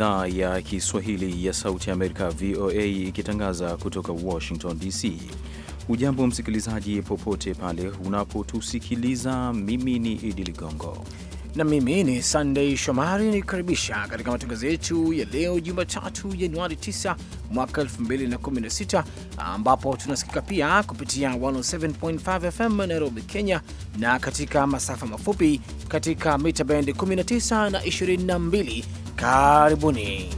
idhaa ya Kiswahili ya Sauti ya Amerika, VOA, ikitangaza kutoka Washington DC. Ujambo msikilizaji, popote pale unapotusikiliza. Mimi ni Idi Ligongo na mimi ni Sandei Shomari nikukaribisha katika matangazo yetu ya leo Jumatatu, Januari 9 mwaka 2016, ambapo tunasikika pia kupitia 107.5 FM Nairobi, Kenya, na katika masafa mafupi katika mita bendi 19 na 22 Karibuni.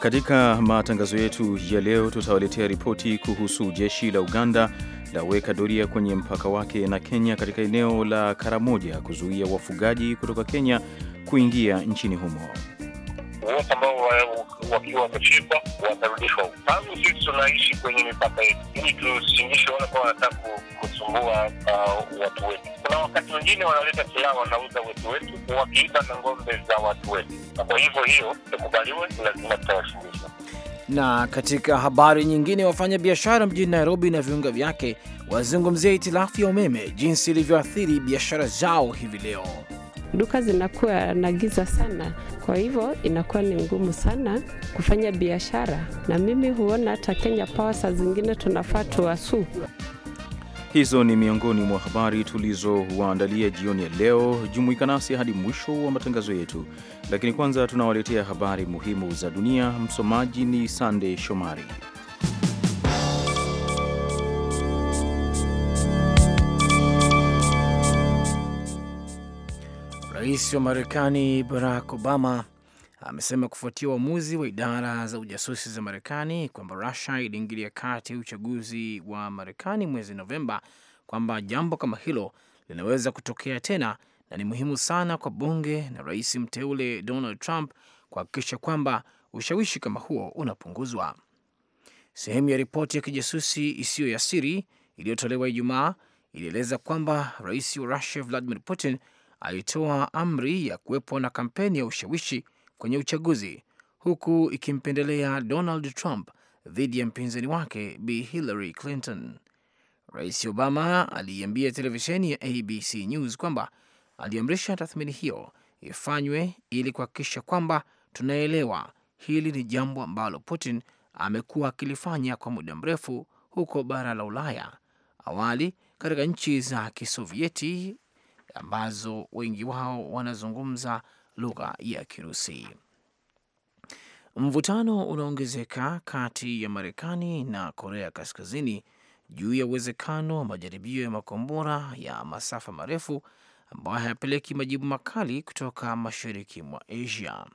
Katika matangazo yetu ya leo tutawaletea ripoti kuhusu jeshi la Uganda laweka doria kwenye mpaka wake na Kenya katika eneo la Karamoja kuzuia wafugaji kutoka Kenya kuingia nchini humo wakiwa watashikwa watarudishwa. Tangu sisi tunaishi kwenye mipaka yetu, ili tusingishe wale ambao wanataka kusumbua uh, watu wetu. Kuna wakati wengine wanaleta silaha, wanauza wetu wetu, wakiiba na ng'ombe za watu wetu, na kwa hivyo hiyo tukubaliwe, lazima tutawafundisha na katika habari nyingine, wafanya biashara mjini Nairobi na viunga vyake wazungumzia hitilafu ya umeme jinsi ilivyoathiri biashara zao hivi leo duka zinakuwa na giza sana, kwa hivyo inakuwa ni ngumu sana kufanya biashara, na mimi huona hata Kenya Power saa zingine tunafaa tuwasuu. Hizo ni miongoni mwa habari tulizowaandalia jioni ya leo. Jumuika nasi hadi mwisho wa matangazo yetu, lakini kwanza tunawaletea habari muhimu za dunia. Msomaji ni sandey Shomari. Rais wa Marekani Barack Obama amesema kufuatia uamuzi wa idara za ujasusi za Marekani kwamba Rusia iliingilia kati uchaguzi wa Marekani mwezi Novemba kwamba jambo kama hilo linaweza kutokea tena na ni muhimu sana kwa bunge na rais mteule Donald Trump kuhakikisha kwamba ushawishi kama huo unapunguzwa. Sehemu ya ripoti ya kijasusi isiyo ya siri iliyotolewa Ijumaa ilieleza kwamba rais wa Rusia Vladimir Putin alitoa amri ya kuwepo na kampeni ya ushawishi kwenye uchaguzi huku ikimpendelea Donald Trump dhidi ya mpinzani wake b Hillary Clinton. Rais Obama aliiambia televisheni ya ABC News kwamba aliamrisha tathmini hiyo ifanywe ili kuhakikisha kwamba tunaelewa hili ni jambo ambalo Putin amekuwa akilifanya kwa muda mrefu huko bara la Ulaya, awali katika nchi za Kisovieti ambazo wengi wao wanazungumza lugha ya Kirusi. Mvutano unaongezeka kati ya Marekani na Korea Kaskazini juu ya uwezekano wa majaribio ya makombora ya masafa marefu ambayo hayapeleki majibu makali kutoka mashariki mwa Asia.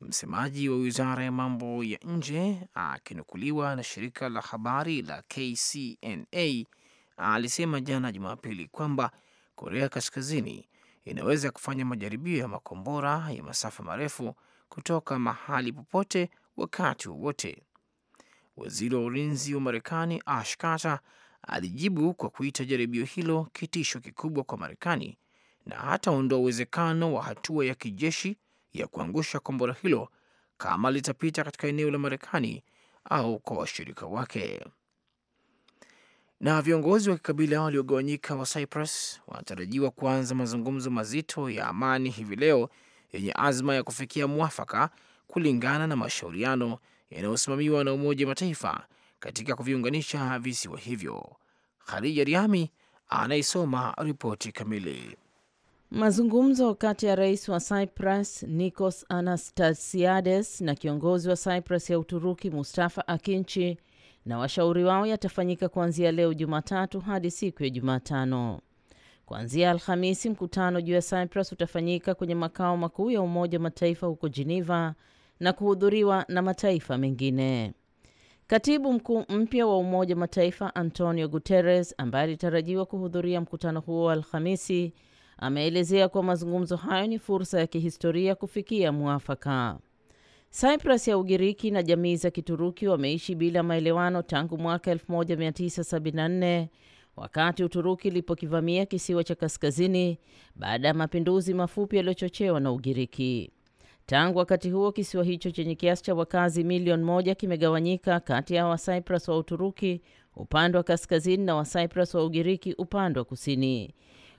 Msemaji wa wizara ya mambo ya nje akinukuliwa na shirika la habari la KCNA alisema jana Jumapili kwamba Korea Kaskazini inaweza kufanya majaribio ya makombora ya masafa marefu kutoka mahali popote wakati wowote. Waziri wa ulinzi wa Marekani Ash Carter alijibu kwa kuita jaribio hilo kitisho kikubwa kwa Marekani na hataondoa uwezekano wa hatua ya kijeshi ya kuangusha kombora hilo kama litapita katika eneo la Marekani au kwa washirika wake. Na viongozi wa kikabila waliogawanyika wa Cyprus wanatarajiwa kuanza mazungumzo mazito ya amani hivi leo yenye azma ya kufikia mwafaka kulingana na mashauriano yanayosimamiwa na Umoja wa Mataifa katika kuviunganisha visiwa hivyo. Khadija Riami anaisoma ripoti kamili. Mazungumzo kati ya rais wa Cyprus Nikos Anastasiades na kiongozi wa Cyprus ya Uturuki Mustafa Akinci na washauri wao yatafanyika kuanzia leo Jumatatu hadi siku ya Jumatano. Kuanzia Alhamisi, mkutano juu ya Cyprus utafanyika kwenye makao makuu ya Umoja wa Mataifa huko Geneva na kuhudhuriwa na mataifa mengine. Katibu mkuu mpya wa Umoja wa Mataifa Antonio Guterres, ambaye alitarajiwa kuhudhuria mkutano huo wa Alhamisi, ameelezea kuwa mazungumzo hayo ni fursa ya kihistoria kufikia mwafaka. Cyprus ya Ugiriki na jamii za Kituruki wameishi bila maelewano tangu mwaka 1974 wakati Uturuki ilipokivamia kisiwa cha kaskazini baada ya mapinduzi mafupi yaliyochochewa na Ugiriki. Tangu wakati huo kisiwa hicho chenye kiasi cha wakazi milioni moja kimegawanyika kati ya Wacyprus wa Uturuki upande wa kaskazini na Wacyprus wa Ugiriki upande wa kusini,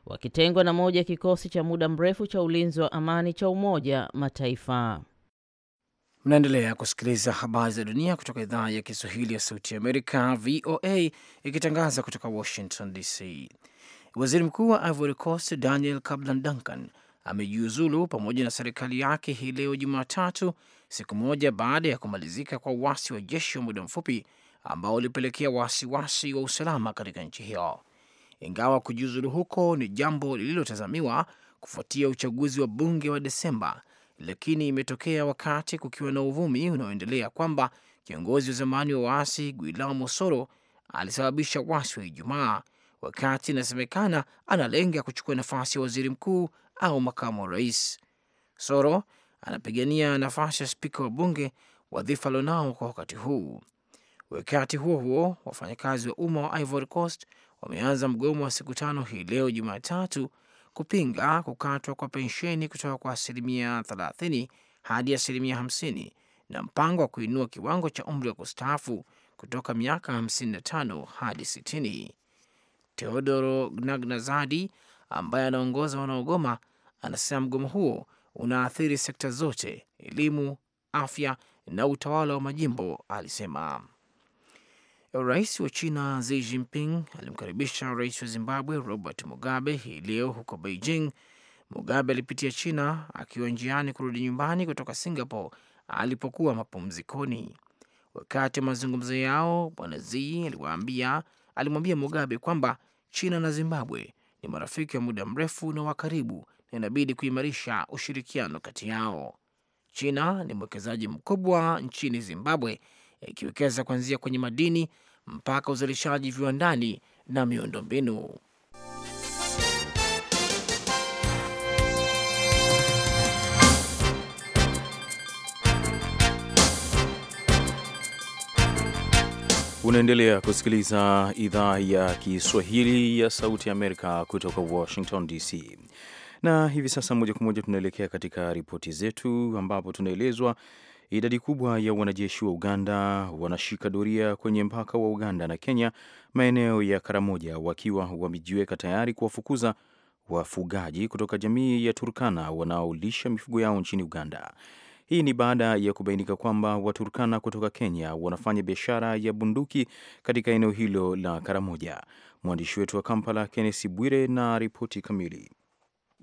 wakitengwa na moja ya kikosi cha muda mrefu cha ulinzi wa amani cha Umoja Mataifa. Mnaendelea kusikiliza habari za dunia kutoka idhaa ya Kiswahili ya Sauti ya Amerika, VOA, ikitangaza kutoka Washington DC. Waziri mkuu wa Ivory Coast Daniel Kablan Duncan amejiuzulu pamoja na serikali yake hii leo Jumatatu, siku moja baada ya kumalizika kwa uasi wa jeshi wa muda mfupi ambao ulipelekea wasiwasi wa usalama katika nchi hiyo. Ingawa kujiuzulu huko ni jambo lililotazamiwa kufuatia uchaguzi wa bunge wa Desemba lakini imetokea wakati kukiwa na uvumi unaoendelea kwamba kiongozi wa zamani wa waasi Guillermo Soro alisababisha wasi wa Ijumaa, wakati inasemekana analenga kuchukua nafasi ya waziri mkuu au makamu wa rais. Soro anapigania nafasi ya spika wa bunge, wadhifa alionao kwa wakati huu. Wakati huo huo, wafanyakazi wa umma wa Ivory Coast wameanza mgomo wa siku tano hii leo Jumatatu kupinga kukatwa kwa pensheni kutoka kwa asilimia 30 hadi asilimia 50 na mpango wa kuinua kiwango cha umri wa kustaafu kutoka miaka 55 hadi 60. Teodoro Gnagnazadi ambaye anaongoza wanaogoma anasema mgomo huo unaathiri sekta zote: elimu, afya na utawala wa majimbo, alisema. Rais wa China Xi Jinping alimkaribisha rais wa Zimbabwe Robert Mugabe hii leo huko Beijing. Mugabe alipitia China akiwa njiani kurudi nyumbani kutoka Singapore alipokuwa mapumzikoni. Wakati wa mazungumzo yao, Bwana Xi aliwaambia alimwambia Mugabe kwamba China na Zimbabwe ni marafiki wa muda mrefu na wa karibu na inabidi kuimarisha ushirikiano kati yao. China ni mwekezaji mkubwa nchini Zimbabwe ikiwekeza kuanzia kwenye madini mpaka uzalishaji viwandani na miundombinu. Unaendelea kusikiliza idhaa ya Kiswahili ya Sauti ya Amerika kutoka Washington DC, na hivi sasa moja kwa moja tunaelekea katika ripoti zetu, ambapo tunaelezwa Idadi kubwa ya wanajeshi wa Uganda wanashika doria kwenye mpaka wa Uganda na Kenya, maeneo ya Karamoja, wakiwa wamejiweka tayari kuwafukuza wafugaji kutoka jamii ya Turkana wanaolisha mifugo yao nchini Uganda. Hii ni baada ya kubainika kwamba Waturkana kutoka Kenya wanafanya biashara ya bunduki katika eneo hilo la Karamoja. Mwandishi wetu wa Kampala, Kennesi Bwire, na ripoti kamili.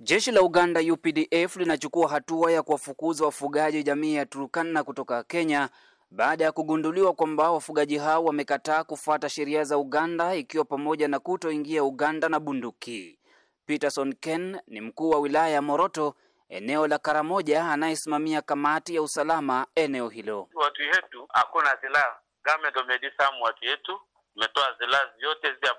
Jeshi la Uganda UPDF linachukua hatua ya kuwafukuza wafugaji jamii ya Turkana kutoka Kenya baada ya kugunduliwa kwamba wafugaji hao wamekataa kufuata sheria za Uganda ikiwa pamoja na kutoingia Uganda na bunduki. Peterson Ken ni mkuu wa wilaya ya Moroto eneo la Karamoja anayesimamia kamati ya usalama eneo hilo. Watu yetu hakuna silaha, government wamedisamu watu yetu, umetoa silaha zote zile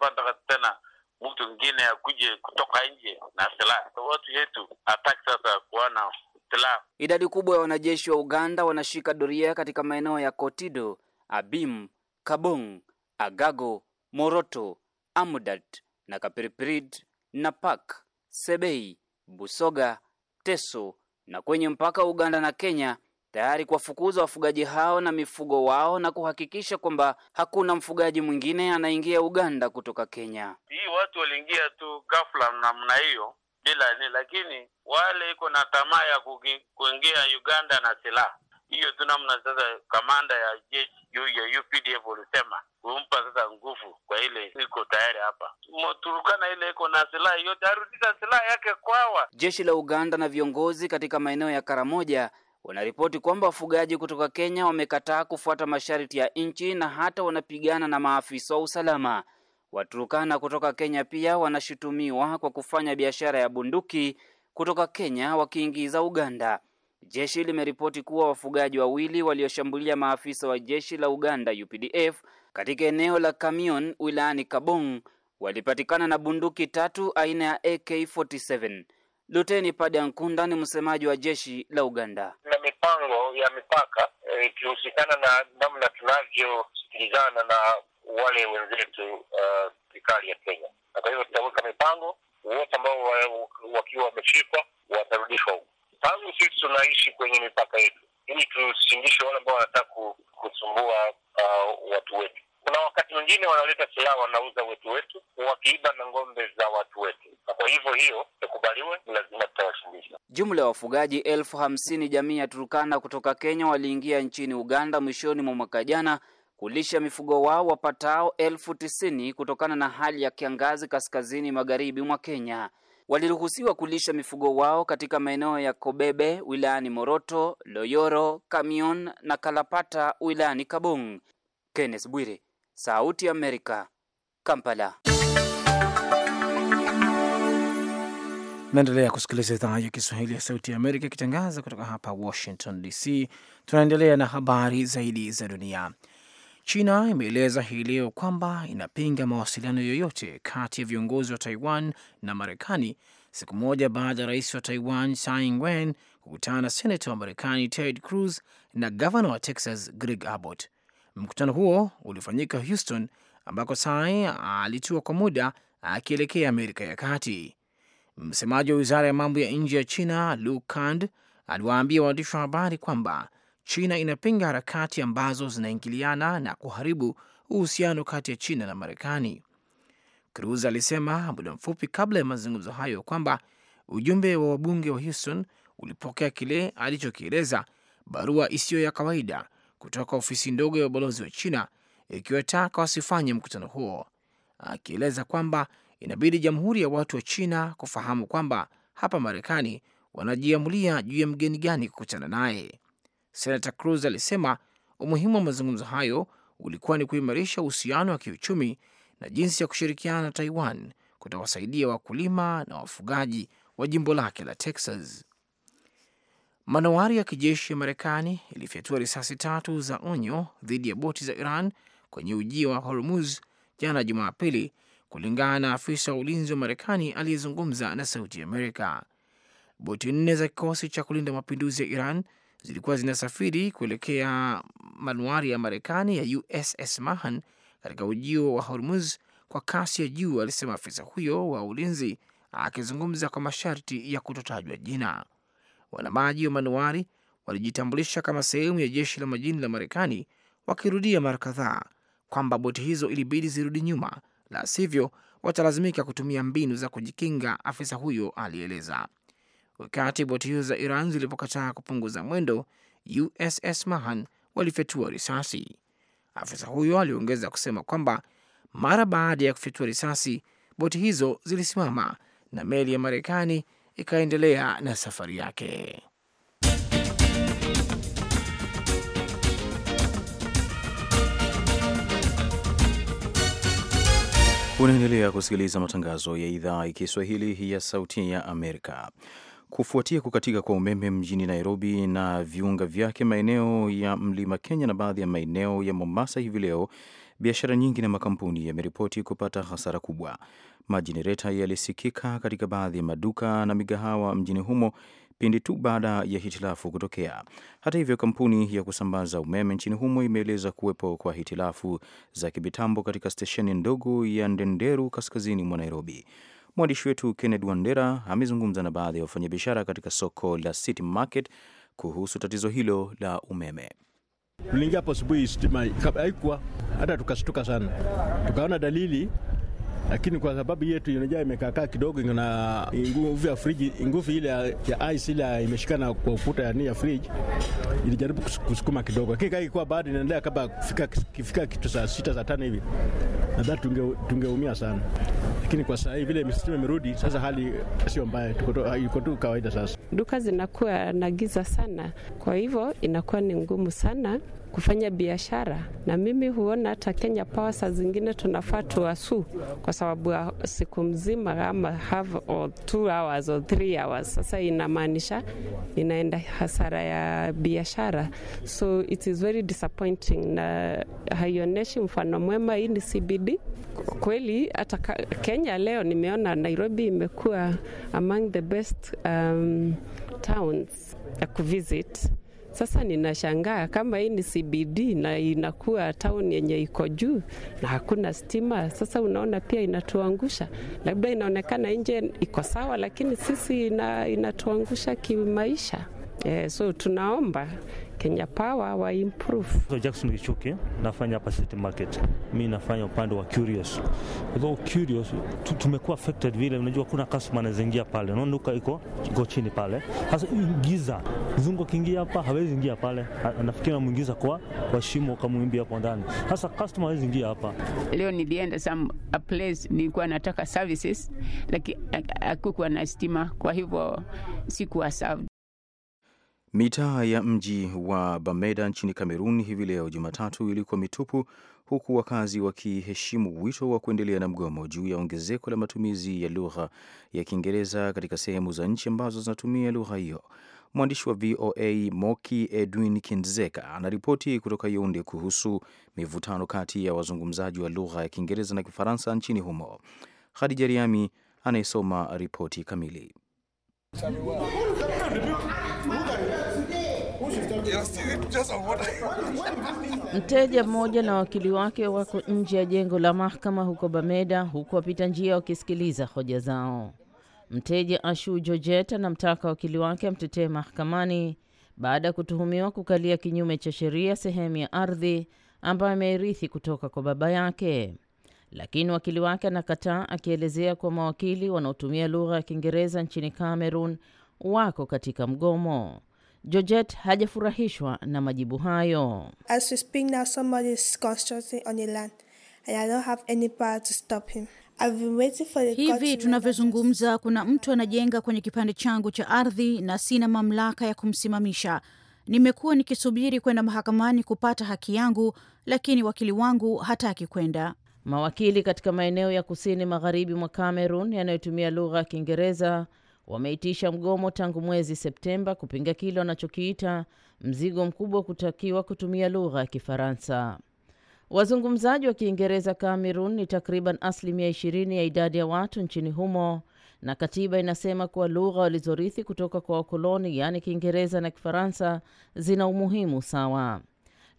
tena mtu mwingine akuje kutoka nje na silaha. Watu yetu hataki sasa kuona silaha. Idadi kubwa ya wanajeshi wa Uganda wanashika doria katika maeneo ya Kotido, Abim, Kabong, Agago, Moroto, Amudat na Kapiripirid, Napak, Sebei, Busoga, Teso na kwenye mpaka wa Uganda na Kenya tayari kuwafukuza wafugaji hao na mifugo wao na kuhakikisha kwamba hakuna mfugaji mwingine anaingia Uganda kutoka Kenya. Hii watu waliingia tu ghafla namna hiyo bila ni, lakini wale iko na tamaa ya kuingia Uganda na silaha hiyo tu namna sasa, kamanda ya jeshi juu ya UPDF ulisema kumpa sasa nguvu kwa ile iko tayari hapa Turukana, ile iko na silaha yote arudisha silaha yake kwawa. Jeshi la Uganda na viongozi katika maeneo ya Karamoja wanaripoti kwamba wafugaji kutoka Kenya wamekataa kufuata masharti ya nchi na hata wanapigana na maafisa wa usalama. Waturukana kutoka Kenya pia wanashutumiwa kwa kufanya biashara ya bunduki kutoka Kenya wakiingiza Uganda. Jeshi limeripoti kuwa wafugaji wawili walioshambulia maafisa wa jeshi la Uganda UPDF katika eneo la Kamion wilayani Kabong walipatikana na bunduki tatu aina ya AK47. Luteni Pada ni msemaji wa jeshi la Uganda. Na mipango ya mipaka eh, ikihusikana e, na namna tunavyosikilizana na wale wenzetu eh, serikali uh, ya Kenya, na kwa hivyo tutaweka mipango, wote ambao wakiwa wameshikwa watarudishwa huko. Tangu sisi tunaishi kwenye mipaka yetu ili tusindishe wale ambao wanataka kusumbua uh, watu wetu. Kuna wakati mwingine wanaleta silaha, wanauza wetu wetu, wakiiba na ng'ombe za watu wetu, na kwa hivyo hiyo ikubaliwe lazima tutawashulisha. Jumla ya wafugaji elfu hamsini jamii ya Turukana kutoka Kenya waliingia nchini Uganda mwishoni mwa mwaka jana kulisha mifugo wao wapatao elfu tisini kutokana na hali ya kiangazi kaskazini magharibi mwa Kenya. Waliruhusiwa kulisha mifugo wao katika maeneo ya Kobebe wilayani Moroto, Loyoro, Kamion na Kalapata wilayani Kabong. Kenneth Bwire, Sauti ya Amerika, Kampala. Naendelea kusikiliza idhaa ya Kiswahili ya Sauti ya Amerika ikitangaza kutoka hapa Washington DC. Tunaendelea na habari zaidi za dunia. China imeeleza hii leo kwamba inapinga mawasiliano yoyote kati ya viongozi wa Taiwan na Marekani, siku moja baada ya rais wa Taiwan Tsai Ing-wen kukutana na senata wa Marekani Ted Cruz na gavana wa Texas Greg Abbott. Mkutano huo ulifanyika Houston, ambako Tsai alitua kwa muda akielekea Amerika ya Kati. Msemaji wa wizara ya mambo ya nje ya China Lu Kand aliwaambia waandishi wa habari kwamba China inapinga harakati ambazo zinaingiliana na kuharibu uhusiano kati ya China na Marekani. Cruz alisema muda mfupi kabla ya mazungumzo hayo kwamba ujumbe wa wabunge wa Houston ulipokea kile alichokieleza barua isiyo ya kawaida kutoka ofisi ndogo ya ubalozi wa China ikiwataka wasifanye mkutano huo, akieleza kwamba inabidi Jamhuri ya Watu wa China kufahamu kwamba hapa Marekani wanajiamulia juu ya mgeni gani kukutana naye. Senata Cruz alisema umuhimu wa mazungumzo hayo ulikuwa ni kuimarisha uhusiano wa kiuchumi na jinsi ya kushirikiana na Taiwan kutawasaidia wakulima na wafugaji wa jimbo lake la Texas. Manowari ya kijeshi ya Marekani ilifyatua risasi tatu za onyo dhidi ya boti za Iran kwenye ujia wa Hormuz jana Jumapili kulingana na afisa wa ulinzi wa Marekani aliyezungumza na Sauti Amerika. Boti nne za kikosi cha kulinda mapinduzi ya Iran zilikuwa zinasafiri kuelekea manuari ya Marekani ya USS Mahan katika ujio wa Hormuz kwa kasi ya juu, alisema afisa huyo wa ulinzi akizungumza kwa masharti ya kutotajwa jina. Wanamaji wa manuari walijitambulisha kama sehemu ya jeshi la majini la Marekani, wakirudia mara kadhaa kwamba boti hizo ilibidi zirudi nyuma la sivyo watalazimika kutumia mbinu za kujikinga, afisa huyo alieleza. Wakati boti hizo za Iran zilipokataa kupunguza mwendo, USS Mahan walifyatua risasi. Afisa huyo aliongeza kusema kwamba mara baada ya kufyatua risasi, boti hizo zilisimama na meli ya Marekani ikaendelea na safari yake. Unaendelea kusikiliza matangazo ya idhaa ya Kiswahili ya Sauti ya Amerika. Kufuatia kukatika kwa umeme mjini Nairobi na viunga vyake, maeneo ya mlima Kenya na baadhi ya maeneo ya Mombasa hivi leo, biashara nyingi na makampuni yameripoti kupata hasara kubwa. Majenereta yalisikika katika baadhi ya maduka na migahawa mjini humo pindi tu baada ya hitilafu kutokea. Hata hivyo, kampuni ya kusambaza umeme nchini humo imeeleza kuwepo kwa hitilafu za kimitambo katika stesheni ndogo ya Ndenderu kaskazini mwa Nairobi. Mwandishi wetu Kenneth Wandera amezungumza na baadhi ya wafanyabiashara katika soko la City Market kuhusu tatizo hilo la umeme. Tuliingia hapo asubuhi, stima haikuwa hata, tukashtuka sana, tukaona dalili lakini kwa sababu yetu inaja imekaakaa kidogo, na nguvu ya friji, nguvu ile ya ice ile imeshikana kwa ukuta ya ya friji, ilijaribu kusukuma kidogo, lakini kwa baada inaendelea kama kufika, kifika kitu saa sita saa tano hivi, nadhani tungeumia sana lakini kwa sasa hivi vile misitima imerudi sasa, hali sio mbaya, iko tu kawaida. Sasa duka zinakuwa na giza sana, kwa hivyo inakuwa ni ngumu sana kufanya biashara, na mimi huona hata Kenya Power saa zingine tunafaa tuwasuu kwa sababu ya siku mzima ama have or two hours or three hours. Sasa inamaanisha inaenda hasara ya biashara, so it is very disappointing na haionyeshi mfano mwema. Hii ni CBD kweli. Hata Kenya leo nimeona Nairobi imekuwa among the best um, towns ya kuvisit sasa ninashangaa kama hii ni CBD na inakuwa town yenye iko juu na hakuna stima. Sasa unaona pia inatuangusha, labda inaonekana nje iko sawa, lakini sisi ina, inatuangusha kimaisha. Eh, so tunaomba Kenya Power wa improve. So Jackson Kichuke, nafanya hapa City Market. Mimi nafanya upande wa Curious. Kwa Curious tumekuwa affected vile, unajua kuna customer anaingia pale, unaona duka iko iko chini pale. Sasa ingiza zungu kingia hapa hawezi ingia pale, nafikiri namuingiza kwa kwa shimo kama mwimbia hapo ndani. Sasa customer hawezi ingia hapa. Leo nilienda some a place nilikuwa nataka services lakini hakukuwa na stima, kwa hivyo sikuwa served. Mitaa ya mji wa bameda nchini Kamerun hivi leo Jumatatu ilikuwa mitupu huku wakazi wakiheshimu wito wa kuendelea na mgomo juu ya ongezeko la matumizi ya lugha ya Kiingereza katika sehemu za nchi ambazo zinatumia lugha hiyo. Mwandishi wa VOA Moki Edwin Kinzeka anaripoti kutoka Yaunde kuhusu mivutano kati ya wazungumzaji wa lugha ya Kiingereza na Kifaransa nchini humo. Khadija Riami anayesoma ripoti kamili Mteja mmoja na wakili wake wako nje ya jengo la mahakama huko Bameda, huku wapita njia wakisikiliza hoja zao. Mteja Ashu Jojet anamtaka wakili wake amtetee mahakamani baada ya kutuhumiwa kukalia kinyume cha sheria sehemu ya ardhi ambayo ameirithi kutoka kwa baba yake, lakini wakili wake anakataa, akielezea kuwa mawakili wanaotumia lugha ya Kiingereza nchini Cameroon wako katika mgomo. Georgette hajafurahishwa na majibu hayo. Hivi tunavyozungumza kuna mtu anajenga kwenye kipande changu cha ardhi na sina mamlaka ya kumsimamisha. Nimekuwa nikisubiri kwenda mahakamani kupata haki yangu, lakini wakili wangu hataki kwenda. Mawakili katika maeneo ya kusini magharibi mwa Kamerun yanayotumia lugha ya Kiingereza wameitisha mgomo tangu mwezi Septemba kupinga kile wanachokiita mzigo mkubwa wa kutakiwa kutumia lugha ya Kifaransa. Wazungumzaji wa Kiingereza Kamerun ni takriban asilimia ishirini ya idadi ya watu nchini humo, na katiba inasema kuwa lugha walizorithi kutoka kwa wakoloni, yaani Kiingereza na Kifaransa, zina umuhimu sawa,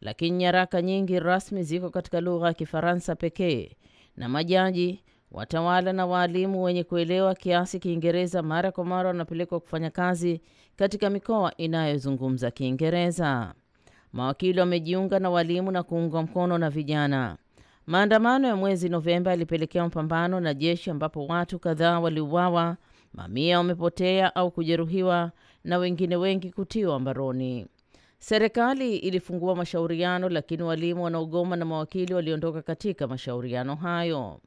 lakini nyaraka nyingi rasmi ziko katika lugha ya Kifaransa pekee na majaji Watawala na waalimu wenye kuelewa kiasi Kiingereza mara kwa mara wanapelekwa kufanya kazi katika mikoa inayozungumza Kiingereza. Mawakili wamejiunga na walimu na kuungwa mkono na vijana. Maandamano ya mwezi Novemba yalipelekea mapambano na jeshi ambapo watu kadhaa waliuawa, mamia wamepotea au kujeruhiwa na wengine wengi kutiwa mbaroni. Serikali ilifungua mashauriano, lakini walimu wanaogoma na mawakili waliondoka katika mashauriano hayo.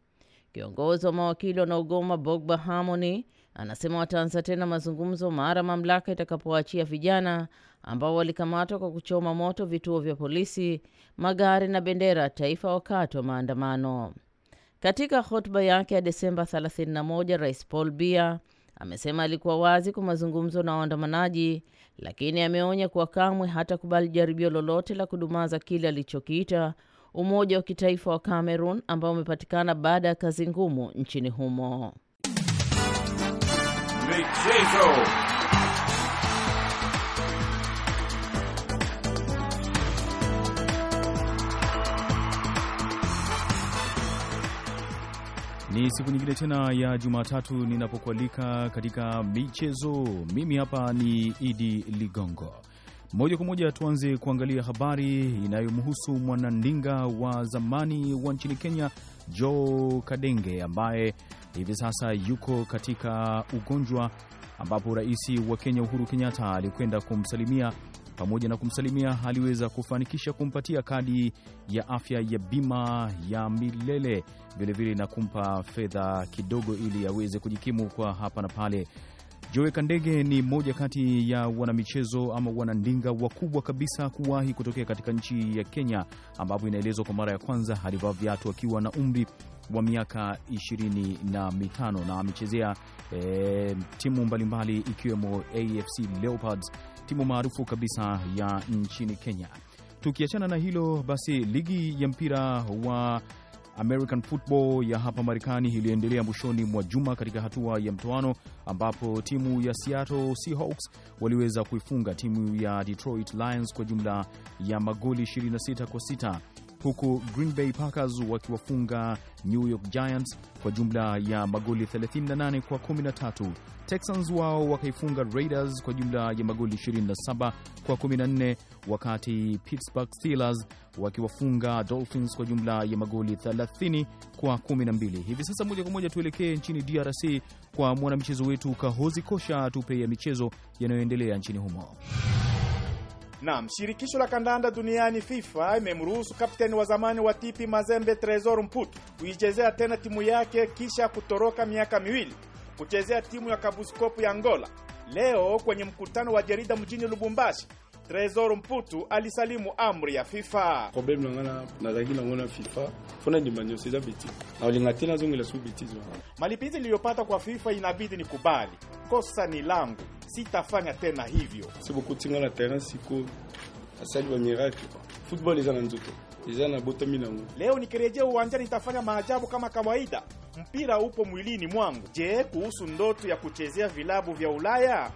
Kiongozi wa mawakili wanaogoma Bogba Harmony anasema wataanza tena mazungumzo mara mamlaka itakapowaachia vijana ambao walikamatwa kwa kuchoma moto vituo vya polisi, magari na bendera ya taifa wakati wa maandamano. Katika hotuba yake ya Desemba 31, Rais Paul Biya amesema alikuwa wazi kwa mazungumzo na waandamanaji, lakini ameonya kuwa kamwe hatakubali jaribio lolote la kudumaza kile alichokiita umoja wa kitaifa wa Cameroon ambao umepatikana baada ya kazi ngumu nchini humo. Michezo. Ni siku nyingine tena ya Jumatatu ninapokualika katika michezo. Mimi hapa ni Idi Ligongo. Moja kwa moja tuanze kuangalia habari inayomhusu mwanandinga wa zamani wa nchini Kenya Joe Kadenge ambaye hivi sasa yuko katika ugonjwa ambapo rais wa Kenya Uhuru Kenyatta alikwenda kumsalimia. Pamoja na kumsalimia, aliweza kufanikisha kumpatia kadi ya afya ya bima ya milele, vilevile na kumpa fedha kidogo ili aweze kujikimu kwa hapa na pale. Joe Kandege ni mmoja kati ya wanamichezo ama wanandinga wakubwa kabisa kuwahi kutokea katika nchi ya Kenya, ambapo inaelezwa kwa mara ya kwanza alivaa viatu akiwa na umri wa miaka ishirini na mitano na amechezea e, timu mbalimbali ikiwemo AFC Leopards, timu maarufu kabisa ya nchini Kenya. Tukiachana na hilo basi, ligi ya mpira wa American Football ya hapa Marekani iliendelea mwishoni mwa juma katika hatua ya mtoano ambapo timu ya Seattle Seahawks waliweza kuifunga timu ya Detroit Lions kwa jumla ya magoli 26 kwa sita huku Green Bay Packers wakiwafunga New York Giants kwa jumla ya magoli 38 kwa 13. Texans wao wakaifunga Raiders kwa jumla ya magoli 27 kwa 14, wakati Pittsburgh Steelers wakiwafunga Dolphins kwa jumla ya magoli 30 kwa 12. Hivi sasa moja kwa moja tuelekee nchini DRC kwa mwanamchezo wetu Kahozi Kosha tupe ya michezo yanayoendelea nchini humo. Naam, shirikisho la kandanda duniani FIFA imemruhusu kapteni wa zamani wa TP Mazembe Tresor Mputu kuichezea tena timu yake kisha kutoroka miaka miwili kuchezea timu ya Kabuskopu ya Angola. Leo kwenye mkutano wa jarida mjini Lubumbashi, Tresor Mputu alisalimu amri ya FIFA. Problem ngana nazaki ngona FIFA fona ni manyo seza biti. Na Aulinga tena zongi la zwa. Malipizi liyopata kwa FIFA inabidi ni kubali. Kosa ni langu. Sitafanya tena hivyo. Sibu kutinga na tena siku asali wa miraki. Football izana nzuto. Izana botami nangu. Leo nikirejea uwanjani nitafanya maajabu kama kawaida mpira upo mwilini mwangu. Je, kuhusu ndoto ya kuchezea vilabu vya Ulaya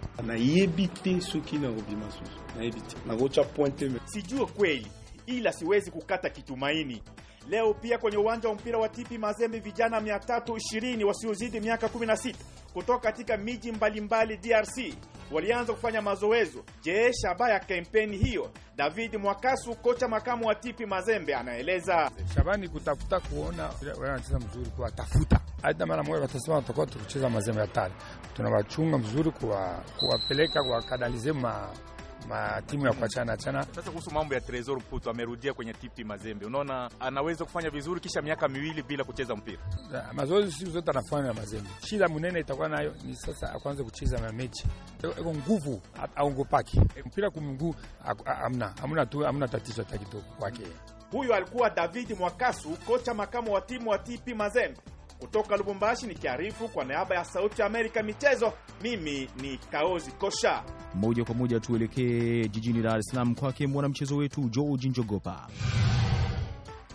sijue kweli, ila siwezi kukata kitumaini. Leo pia kwenye uwanja wa mpira wa Tipi Mazembe vijana 320 wasiozidi miaka 16 kutoka katika miji mbalimbali mbali DRC walianza kufanya mazoezo. Je, shabaha ya kampeni hiyo? David Mwakasu, kocha makamu wa Tipi Mazembe, anaeleza Shabani kutafuta kuona wanacheza mzuri, kuwatafuta aidha, mara moja. Watasema watakuwa tukucheza Mazembe hatari, tunawachunga mzuri, kuwapeleka kwa kadalizema matimu ya kuachana achana. Sasa kuhusu mambo ya Tresor puto amerudia kwenye TP Mazembe, unaona anaweza kufanya vizuri kisha miaka miwili bila kucheza mpira. Mazoezi siku zote anafanya na Mazembe, shida mnene itakuwa nayo ni sasa akuanze kucheza na mechi eko nguvu aongopaki mpira kumguu amna amna tu amna tatizo hata kidogo kwake. Huyo alikuwa David Mwakasu, kocha makamu wa timu wa TP Mazembe. Kutoka Lubumbashi nikiarifu kwa niaba ya Sauti ya Amerika michezo, mimi ni Kaozi Kosha. Moja kwa moja tuelekee jijini Dar es Salaam kwake mwanamchezo wetu georgi Njogopa.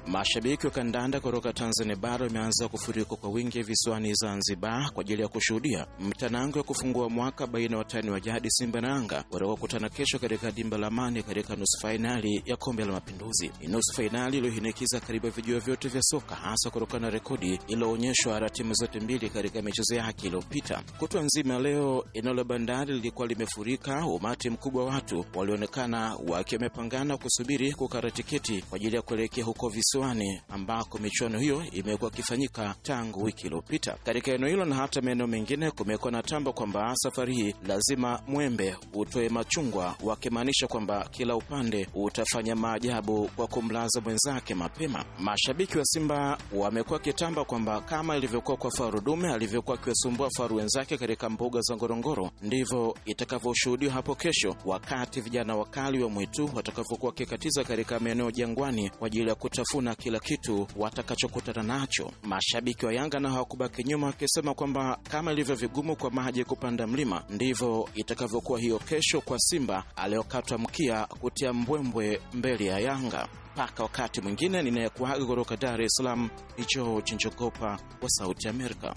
Mashabiki wa kandanda kutoka Tanzania bara wameanza kufurika kwa wingi visiwani Zanzibar kwa ajili ya kushuhudia mtanango ya kufungua mwaka baina ya watani wa jadi Simba na Yanga watakaokutana kesho katika dimba la Amani katika nusu fainali ya Kombe la Mapinduzi. Ni nusu fainali iliyohinikiza karibu vijua vyote vya soka, hasa kutokana na rekodi iliyoonyeshwa na timu zote mbili katika michezo yake iliyopita. Kutwa nzima leo, eneo la bandari lilikuwa limefurika, umati mkubwa wa watu walionekana wakiwa wamepangana kusubiri kukata tiketi kwa ajili ya kuelekea huko visiwani visiwani ambako michuano hiyo imekuwa ikifanyika tangu wiki iliyopita. Katika eneo hilo na hata maeneo mengine kumekuwa na tambo kwamba safari hii lazima mwembe utoe machungwa, wakimaanisha kwamba kila upande utafanya maajabu kwa kumlaza mwenzake mapema. Mashabiki wa Simba wamekuwa kitamba kwamba kama ilivyokuwa kwa faru dume alivyokuwa akiwasumbua faru wenzake katika mbuga za Ngorongoro, ndivyo itakavyoshuhudiwa hapo kesho, wakati vijana wakali wa mwitu watakavyokuwa wakikatiza katika maeneo jangwani kwa ajili ya kutafuna na kila kitu watakachokutana nacho. Mashabiki wa Yanga na hawakubaki nyuma, wakisema kwamba kama ilivyo vigumu kwa maji kupanda mlima, ndivyo itakavyokuwa hiyo kesho kwa Simba aliyokatwa mkia kutia mbwembwe mbele ya Yanga. Mpaka wakati mwingine, ninayekuaga kutoka Dar es Salaam ni George Njogopa wa Sauti Amerika.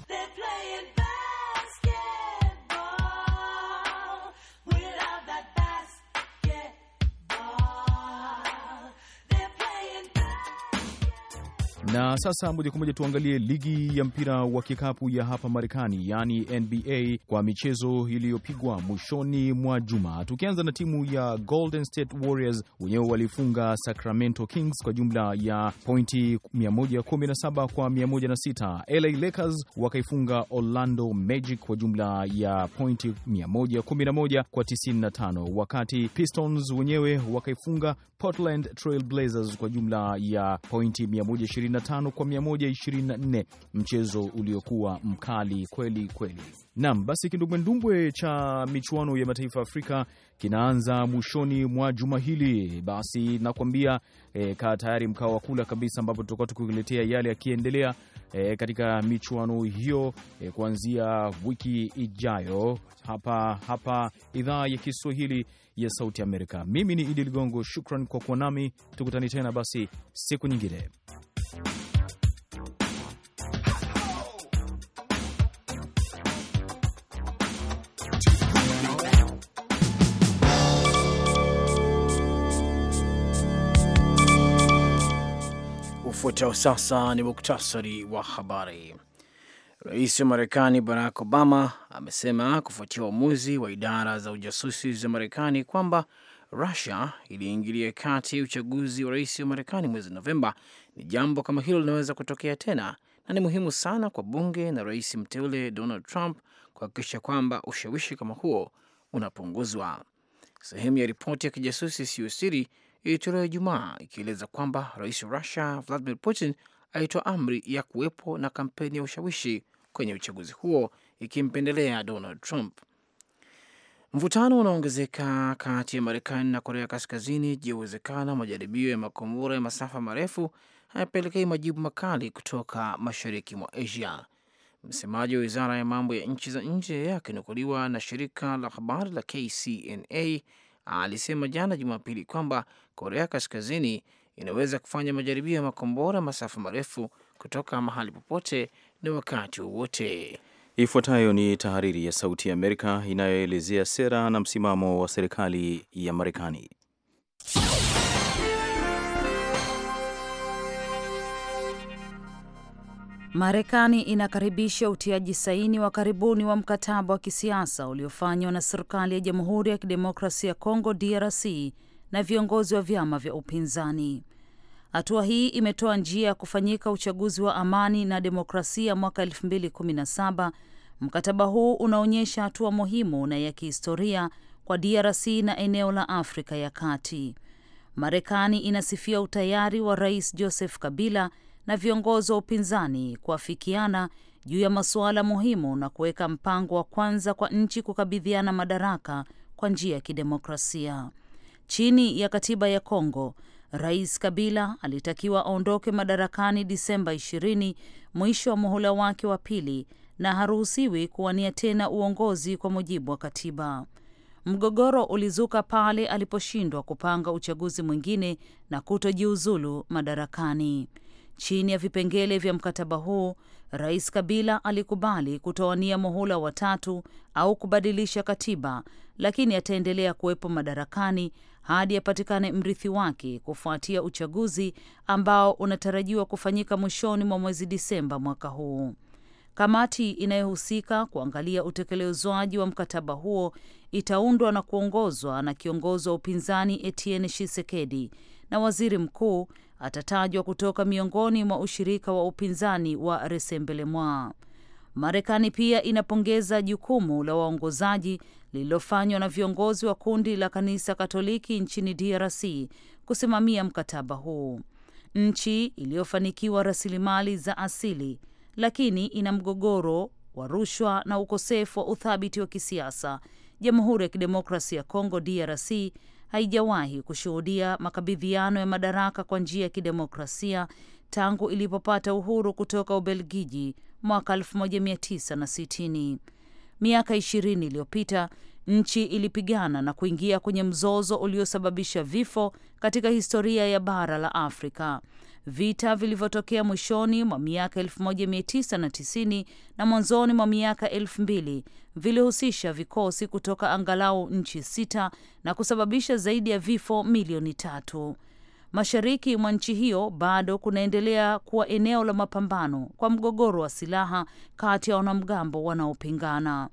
Na sasa moja kwa moja tuangalie ligi ya mpira wa kikapu ya hapa Marekani, yaani NBA, kwa michezo iliyopigwa mwishoni mwa juma, tukianza na timu ya Golden State Warriors. Wenyewe walifunga Sacramento Kings kwa jumla ya pointi 117 kwa 106. LA Lakers wakaifunga Orlando Magic kwa jumla ya pointi 111 kwa 95, wakati Pistons wenyewe wakaifunga Portland Trail Blazers kwa jumla ya pointi 120 115 kwa 124, mchezo uliokuwa mkali kweli kweli. Naam, basi kindumbwendumbwe cha michuano ya mataifa ya Afrika kinaanza mwishoni mwa juma hili. Basi nakwambia e, kaa tayari mkaa wa kula kabisa, ambapo tutakuwa tukiletea yale yakiendelea e, katika michuano hiyo e, kuanzia wiki ijayo hapa hapa idhaa ya Kiswahili ya Sauti Amerika. Mimi ni Idi Ligongo, shukran kwa kuwa nami, tukutani tena basi siku nyingine. Ufuatao sasa ni muktasari wa habari. Rais wa Marekani Barack Obama amesema kufuatia uamuzi wa idara za ujasusi za Marekani kwamba Rusia iliingilia kati uchaguzi wa rais wa Marekani mwezi Novemba, ni jambo kama hilo linaweza kutokea tena na ni muhimu sana kwa bunge na rais mteule Donald Trump kuhakikisha kwamba ushawishi kama huo unapunguzwa. Sehemu ya ripoti ya kijasusi isiyo siri ilitolewa Ijumaa ikieleza kwamba rais wa Rusia Vladimir Putin alitoa amri ya kuwepo na kampeni ya ushawishi kwenye uchaguzi huo ikimpendelea Donald Trump. Mvutano unaongezeka kati ya Marekani na Korea Kaskazini juu ya uwezekano majaribio ya makombora ya masafa marefu hayapelekei majibu makali kutoka mashariki mwa Asia. Msemaji wa wizara ya mambo ya nchi za nje akinukuliwa na shirika la habari la KCNA alisema jana Jumapili kwamba Korea Kaskazini inaweza kufanya majaribio ya makombora masafa marefu kutoka mahali popote na wakati wowote. Ifuatayo ni tahariri ya Sauti ya Amerika inayoelezea sera na msimamo wa serikali ya Marekani. Marekani inakaribisha utiaji saini wa karibuni wa mkataba wa kisiasa uliofanywa na serikali ya Jamhuri ya Kidemokrasia ya Kongo DRC na viongozi wa vyama vya upinzani. Hatua hii imetoa njia ya kufanyika uchaguzi wa amani na demokrasia mwaka 2017. Mkataba huu unaonyesha hatua muhimu na ya kihistoria kwa DRC na eneo la Afrika ya Kati. Marekani inasifia utayari wa Rais Joseph Kabila na viongozi wa upinzani kuafikiana juu ya masuala muhimu na kuweka mpango wa kwanza kwa nchi kukabidhiana madaraka kwa njia ya kidemokrasia. Chini ya katiba ya Kongo, Rais Kabila alitakiwa aondoke madarakani Disemba 20, mwisho wa muhula wake wa pili, na haruhusiwi kuwania tena uongozi kwa mujibu wa katiba. Mgogoro ulizuka pale aliposhindwa kupanga uchaguzi mwingine na kutojiuzulu madarakani. Chini ya vipengele vya mkataba huu, Rais Kabila alikubali kutowania muhula wa tatu au kubadilisha katiba, lakini ataendelea kuwepo madarakani hadi apatikane mrithi wake kufuatia uchaguzi ambao unatarajiwa kufanyika mwishoni mwa mwezi Disemba mwaka huu. Kamati inayohusika kuangalia utekelezwaji wa mkataba huo itaundwa na kuongozwa na kiongozi wa upinzani Etienne Tshisekedi na waziri mkuu atatajwa kutoka miongoni mwa ushirika wa upinzani wa Rassemblement. Marekani pia inapongeza jukumu la waongozaji lililofanywa na viongozi wa kundi la kanisa Katoliki nchini DRC kusimamia mkataba huu. Nchi iliyofanikiwa rasilimali za asili, lakini ina mgogoro wa rushwa na ukosefu wa uthabiti wa kisiasa. Jamhuri ya Kidemokrasi ya Kongo DRC haijawahi kushuhudia makabidhiano ya madaraka kwa njia ya kidemokrasia tangu ilipopata uhuru kutoka Ubelgiji mwaka 1960. Miaka ishirini iliyopita nchi ilipigana na kuingia kwenye mzozo uliosababisha vifo katika historia ya bara la Afrika vita vilivyotokea mwishoni mwa miaka 1990 na mwanzoni mwa miaka 2000 vilihusisha vikosi kutoka angalau nchi sita na kusababisha zaidi ya vifo milioni tatu. Mashariki mwa nchi hiyo bado kunaendelea kuwa eneo la mapambano kwa mgogoro wa silaha kati ya wanamgambo wanaopingana.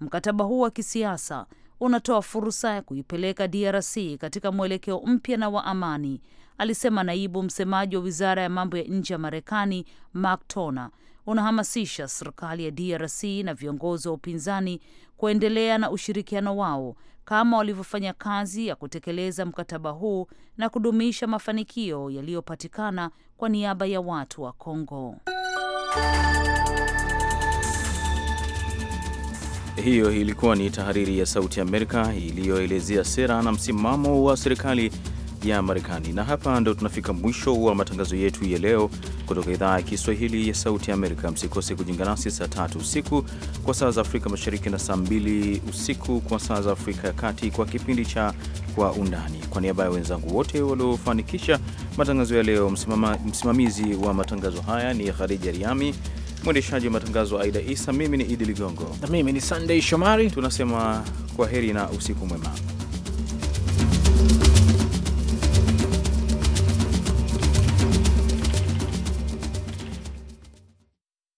Mkataba huu wa kisiasa unatoa fursa ya kuipeleka DRC katika mwelekeo mpya na wa amani alisema naibu msemaji wa wizara ya mambo ya nje ya Marekani Mark Toner unahamasisha serikali ya DRC na viongozi wa upinzani kuendelea na ushirikiano wao kama walivyofanya kazi ya kutekeleza mkataba huu na kudumisha mafanikio yaliyopatikana kwa niaba ya watu wa Kongo. Hiyo ilikuwa ni tahariri ya Sauti ya Amerika iliyoelezea sera na msimamo wa serikali ya Marekani. Na hapa ndo tunafika mwisho wa matangazo yetu ya leo kutoka idhaa ya Kiswahili ya Sauti ya Amerika. Msikose kujiunga nasi saa tatu usiku kwa saa za Afrika Mashariki na saa mbili usiku kwa saa za Afrika ya Kati kwa kipindi cha Kwa Undani. Kwa niaba ya wenzangu wote waliofanikisha matangazo ya leo, msimama, msimamizi wa matangazo haya ni Khadija Riami, mwendeshaji wa matangazo Aida Isa, mimi ni Idi Ligongo na mimi ni Sunday Shomari. Tunasema kwa heri na usiku mwema.